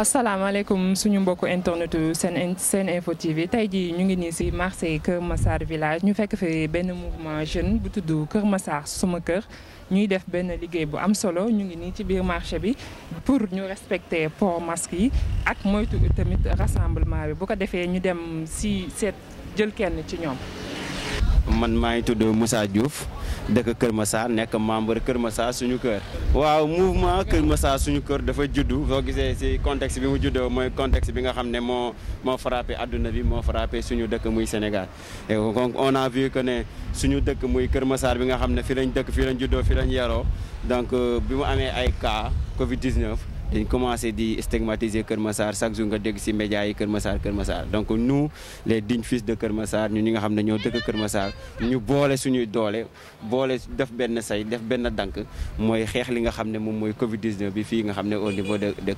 asalaamaaleykum suñu mbokk internetu seen seen info TV tey jii ñu ngi nii si marché Kër Massar village ñu fekk fi benn mouvement jeune bu tuddu Kër Massar suma kër ñuy def benn liggéey bu am solo ñu ngi nii ci biir marché bi pour ñu respecter port masque yi ak moytu tamit rassemblement bi bu ko defee ñu dem si seet jël kenn ci ñoom. man maa ngi tudd Moussa Diouf dëkk Kër Massar nekk membre Kër Massar suñu kër. waaw mouvement Kër Massar suñu kër dafa juddu soo gisee si contexte bi mu juddoo mooy contexte bi nga xam ne moo moo frappé adduna bi moo frappé suñu dëkk muy Sénégal. et donc on a vu que ne suñu dëkk muy Kër Massar bi nga xam ne fii lañ dëkk fii lañ juddoo fii lañ yaroo donc euh, bi mu amee ay cas Covid 19. ont commencé à stigmatiser Kermassar, Massar chaque jour nga Kermassar. Massar donc nous les dignes fils de Kër Massar ñu ñi nga xam ñoo dëkk Kër Massar ñu boole suñuy doole boole def say def dank Covid 19 bi au niveau de de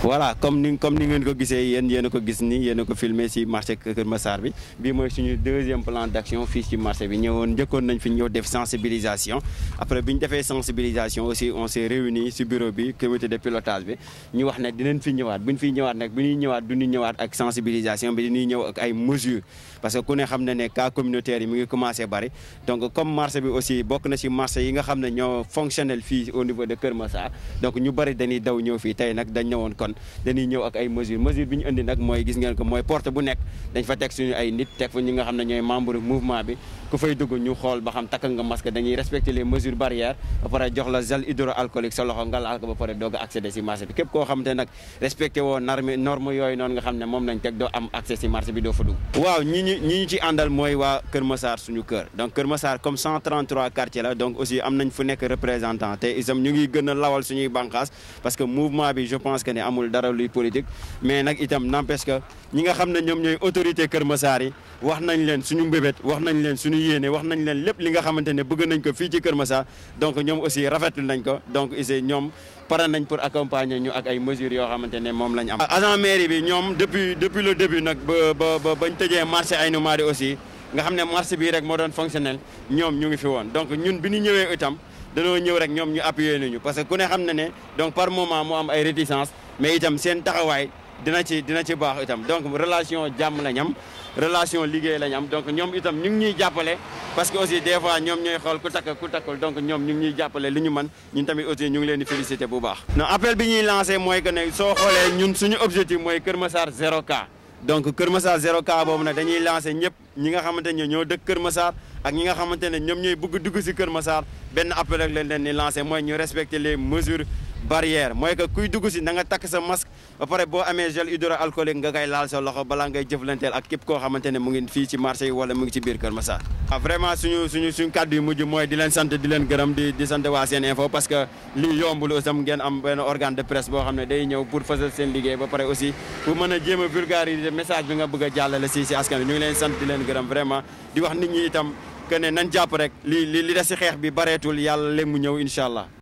voilà comme ni comme ni ngeen ko gisee yeen yeen ko gis ni yeen ko filmé ci marché keur Massar bi bii mooy suñu deuxième plan d'action fi ci marché bi ñewoon jëkkoon nañ fi ñëw def sensibilisation après bi défé sensibilisation aussi on s'est réuni ci bureau bi comité de pilotage bi ñu wax ne dinañ fi ñëwaat buñ fi ñëwaat nak bu ñuy ñëwaat du ñu ñëwaat ak sensibilisation bi dañuy ñëw ak ay mesures parce que ku ne xam na ne cas communautaire yi mu ngi commencé bari donc comme marché bi aussi bok na ci marché yi nga xam ne ñoo fonctionnel fi au niveau de keur Massar donc ñu bari dañuy daw ñëw fi tay nak dañ ñëwoon kon fan dañuy ñëw ak ay mesures mesure bi ñu indi nag mooy gis ngeen ko mooy porte bu nekk dañ fa teg suñu ay nit teg fa ñi nga xam ne ñooy membre mouvement bi ku fay dugg ñu xool ba xam takk nga masque dañuy respecter les mesures barrières ba pare jox la gel hydroalcoolique sa loxo nga laal ko ba pare doog a accéder si marché bi képp koo xam te nag respecté woo norme norme yooyu noonu nga xam ne moom lañ teg doo am accès si marché bi doo fa dugg waaw ñi ñu ñi ci àndal mooy waa Kër Massar suñu kër donc Kër Massar comme 133 quartier la donc aussi am nañ fu nekk représentant te isam ñu ngi gën a lawal suñuy bànqaas parce que mouvement bi je pense que ne amul amul dara luy politique mais nag itam n'empêche que ñi nga xam ne ñoom ñooy autorité Kër Massar yi wax nañ leen suñu mbébét wax nañ leen suñu yéene wax nañ leen lépp li nga xamante ne bëgg nañ ko fii ci Kër Massar donc ñoom aussi rafetlu nañ ko donc ici ñoom pare nañ pour accompagner ñu ak ay mesures yoo xamante moom lañ am. agent mairie bi ñoom depuis depuis le début nag ba ba bañ tëjee marché Aynou Mady aussi nga xam ne marché bii rek moo doon fonctionnel ñoom ñu ngi fi mais itam sen taxaway dina ci dina ci itam donc relation jam la relation donc ñom itam ñu ngi jappalé parce que aussi des fois ñom ñoy nous ku donc ñom ñu li ñu ñun tamit aussi ñu ngi leen appel que ñun suñu objectif 0K. donc kermassar 0K, nous nak dañuy lancé ñep ñi nga xamanteni ñoo ak ñi nga bëgg appel respecter les mesures. barrière mooy que kuy dugg si na nga takk sa masque ba pare boo amee gel hydroalcoolique nga koy laal sa loxo balaa ngay jëflanteel ak képp koo xamante mu ngi fii ci marché wala mu ngi ci biir Kër Massar. waaw ah, vraiment suñu suñu suñ kàddu yu mujj di di leen gërëm di di sant waa seen info parce que lii yombul aussi ngeen am benn organe de presse boo xam ne day ñëw pour fësal seen liggéey ba pare aussi pour mën a jéem a vulgariser message bi nga bëgg a askan ñu ngi leen di leen gërëm vraiment di wax nit ñi itam que nañ rek li li li des si xeex bi bareetul yàlla léegi